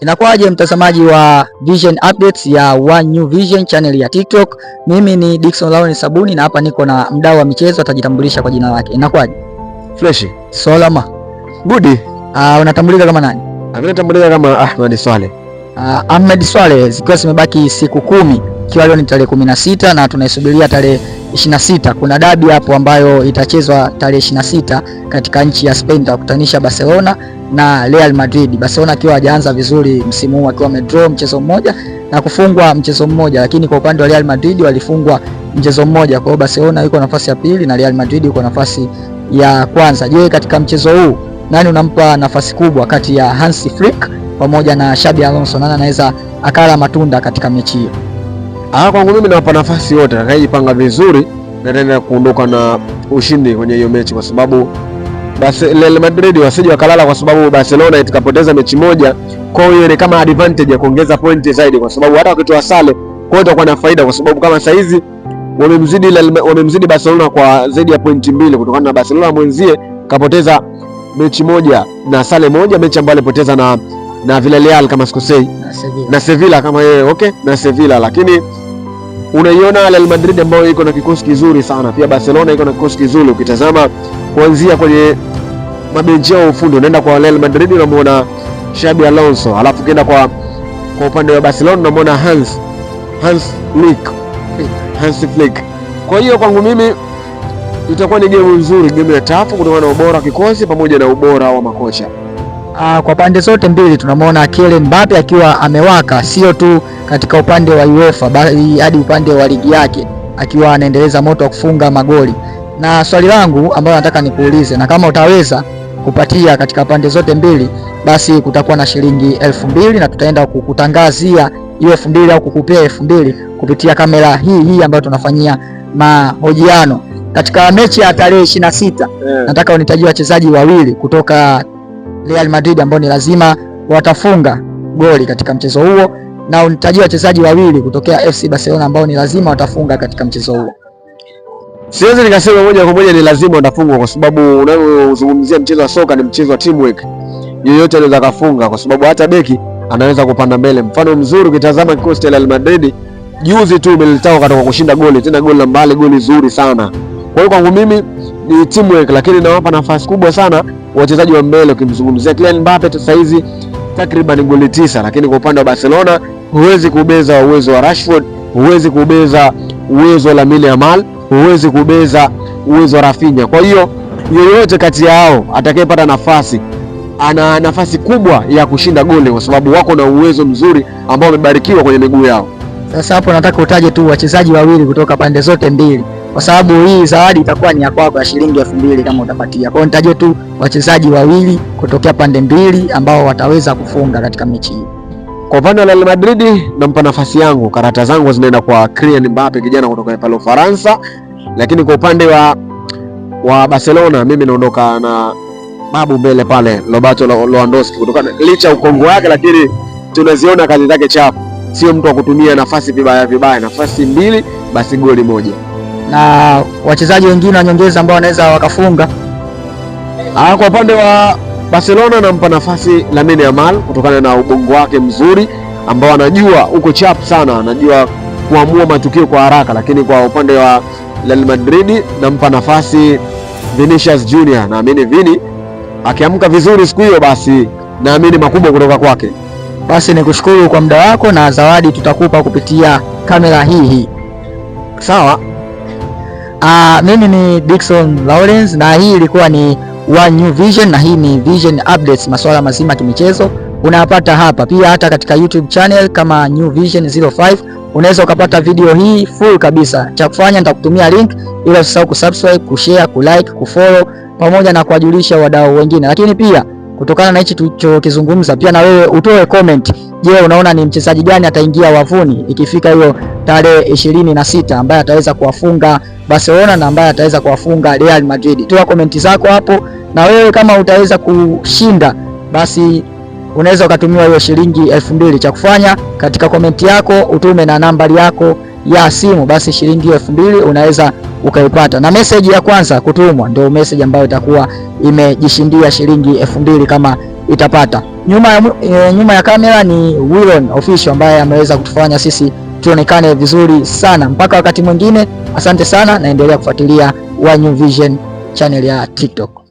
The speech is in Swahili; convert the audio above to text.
Inakuwaje mtazamaji wa Vision Updates ya One New Vision channel ya TikTok? Mimi ni Dickson Lawrence Sabuni na hapa niko na mdau wa michezo atajitambulisha kwa jina lake. Inakuwaje? Fresh. Salama. Good. Ah, Uh, unatambulika kama nani? Anatambulika kama Ahmed Swale. Uh, ah, Ahmed Swale, zikiwa zimebaki siku kumi, ikiwa leo ni tarehe 16 na tunaisubiria tarehe 26 kuna dabi hapo ambayo itachezwa tarehe 26 katika nchi ya Spain, itakutanisha Barcelona na Real Madrid. Barcelona akiwa hajaanza vizuri msimu huu, akiwa amedraw mchezo mmoja na kufungwa mchezo mmoja, lakini kwa upande wa Real Madrid walifungwa mchezo mmoja. Kwa hiyo Barcelona yuko nafasi ya pili na Real Madrid yuko nafasi ya kwanza. Je, katika mchezo huu nani unampa nafasi kubwa kati ya Hansi Flick pamoja na Xabi Alonso? Nani anaweza akala matunda katika mechi hiyo? Ah, kwangu mimi nawapa nafasi yote, akaijipanga vizuri na ataenda kuondoka na ushindi kwenye hiyo mechi, kwa sababu Real Madrid wasije wakalala, kwa sababu Barcelona itakapoteza mechi moja kwa hiyo ni kama advantage ya kuongeza pointi zaidi, kwa sababu hata wakitoa sale kwao itakuwa na faida, kwa sababu kama saa hizi wamemzidi wamemzidi Barcelona kwa zaidi ya pointi mbili, kutokana na Barcelona mwenzie kapoteza mechi moja na sale moja, mechi ambayo alipoteza na na Villarreal kama sikosei, na Sevilla, kama yeye okay, na Sevilla, lakini unaiona Real Madrid ambayo iko na kikosi kizuri sana, pia Barcelona iko na kikosi kizuri. Ukitazama kuanzia kwenye mabenchi yao ufundi, unaenda kwa Real Madrid unamwona Xabi Alonso, alafu ukienda kwa kwa upande wa Barcelona unamwona Hans Hans Flick Hans Flick. Kwa hiyo kwangu mimi itakuwa ni game nzuri, game ya tafu kutokana na ubora wa kikosi pamoja na ubora wa makocha. Uh, kwa pande zote mbili tunamwona Kylian Mbappe akiwa amewaka, sio tu katika upande wa UEFA bali hadi upande wa ligi yake, akiwa anaendeleza moto wa kufunga magoli. Na swali langu ambalo nataka nikuulize, na kama utaweza kupatia katika pande zote mbili, basi kutakuwa na shilingi elfu mbili na tutaenda kukutangazia hiyo elfu mbili au kukupea elfu mbili kupitia kamera hii hii ambayo tunafanyia mahojiano katika mechi ya tarehe 26 yeah. Nataka unitajie wachezaji wawili kutoka Real Madrid ambao ni lazima watafunga goli katika mchezo huo, na unitajia wachezaji wawili kutokea FC Barcelona ambao ni lazima watafunga katika mchezo huo. Siwezi nikasema moja kwa moja ni lazima watafunga, kwa sababu unayozungumzia mchezo wa soka ni mchezo wa teamwork. Yeyote anaweza kafunga, kwa sababu hata beki anaweza kupanda mbele. Mfano mzuri ukitazama kikosi cha Real Madrid juzi tu imelitao katoka kushinda goli tena goli la mbali, goli zuri sana. Kwa hiyo kwangu mimi ni teamwork, lakini nawapa nafasi kubwa sana wachezaji wa mbele. Ukimzungumzia Kylian Mbappe sasa hizi takriban goli tisa, lakini kwa upande wa Barcelona huwezi kubeza uwezo wa Rashford, huwezi kubeza uwezo wa Lamine Yamal, huwezi kubeza uwezo wa Rafinha. Kwa hiyo yoyote kati yao atakayepata nafasi ana nafasi kubwa ya kushinda goli kwa sababu wako na uwezo mzuri ambao wamebarikiwa kwenye miguu yao. Sasa hapo nataka utaje tu wachezaji wawili kutoka pande zote mbili kwa sababu hii zawadi itakuwa ni ya kwako ya shilingi elfu mbili kama utapatia. Kwa hiyo tu wachezaji wawili kutokea pande mbili ambao wataweza kufunga katika mechi hii. Kwa upande wa Real Madrid nampa nafasi yangu, karata zangu zinaenda kwa Kylian Mbappe, kijana kutoka pale Ufaransa, lakini kwa upande wa wa Barcelona mimi naondoka na babu mbele pale Roberto Lewandowski, kutokana licha ukongo wake, lakini tunaziona kazi zake chapu, sio mtu wa kutumia nafasi vibaya vibaya, nafasi mbili basi goli moja na wachezaji wengine wa nyongeza ambao wanaweza wakafunga. Ah, kwa upande wa Barcelona anampa nafasi Lamine Yamal kutokana na ubongo wake mzuri ambao anajua uko chap sana, anajua kuamua matukio kwa haraka, lakini kwa upande wa Real Madrid nampa nafasi Vinicius Junior. Naamini Vini akiamka vizuri siku hiyo, basi naamini makubwa kutoka kwake. Basi ni kushukuru kwa muda wako na zawadi tutakupa kupitia kamera hii hii, sawa. Uh, mimi ni Dickson Lawrence na hii ilikuwa ni One New Vision na hii ni Vision Updates, masuala mazima ya kimichezo unayapata hapa, pia hata katika YouTube channel kama New Vision 05 unaweza ukapata video hii full kabisa. Cha kufanya nitakutumia link, ila usisahau kusubscribe, kushare, kulike, kufollow pamoja na kuwajulisha wadau wengine, lakini pia kutokana na hichi tulichokizungumza, pia na wewe utoe comment. Je, unaona ni mchezaji gani ataingia wavuni ikifika hiyo tarehe ishirini na sita ambaye ataweza kuwafunga Barcelona na ambaye ataweza kuwafunga Real Madrid? Toa komenti zako hapo, na wewe kama utaweza kushinda basi unaweza ukatumiwa hiyo shilingi elfu mbili. Cha kufanya katika komenti yako utume na nambari yako ya simu, basi shilingi elfu mbili unaweza ukaipata. Na message ya kwanza kutumwa ndio message ambayo itakuwa imejishindia shilingi elfu mbili kama itapata. Nyuma ya, e, nyuma ya kamera ni Willon Official ambaye ameweza kutufanya sisi tuonekane vizuri sana. Mpaka wakati mwingine, asante sana, naendelea kufuatilia One Vision channel ya TikTok.